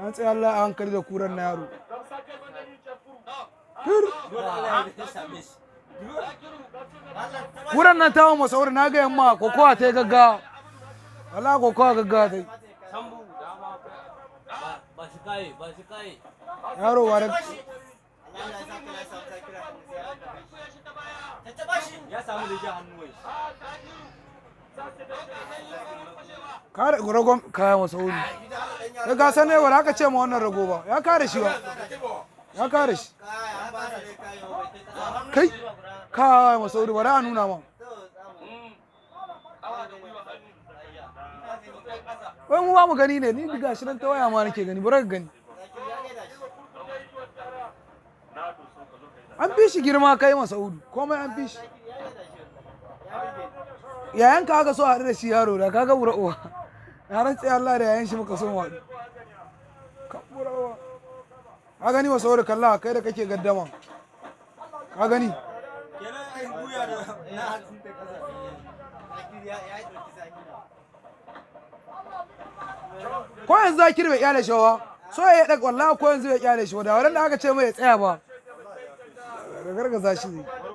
an tsaye Allah a hankali da kuran na yaro kuran nan ta wa masauri na ga yamma kokowa ta yi gaggawa wala kokowa gaggawa ta yi yaro wa da kare ragon kaya masauri ya gasa ne ba ka ce ma wannan rago ba ya kare shi ba ya kare shi kai kai masauri bari a nuna ma wai mu ba mu gani ne ni ga shi nan ta waya ma nake gani bari ka gani an fi shi girma kai masaudu komai an fi shi yayan ka aka so a haɗu da shi yaro da ga wura uwa na rantse Allah da yayin shi muka son wa ka gani wa sauri kalla kai da kake gaddama ka gani ko yanzu za kirbe kyale shawa so ya dak wallahi ko yanzu ya kyale wa da wadanda aka ce mai ya tsaya ba gargaza shi ne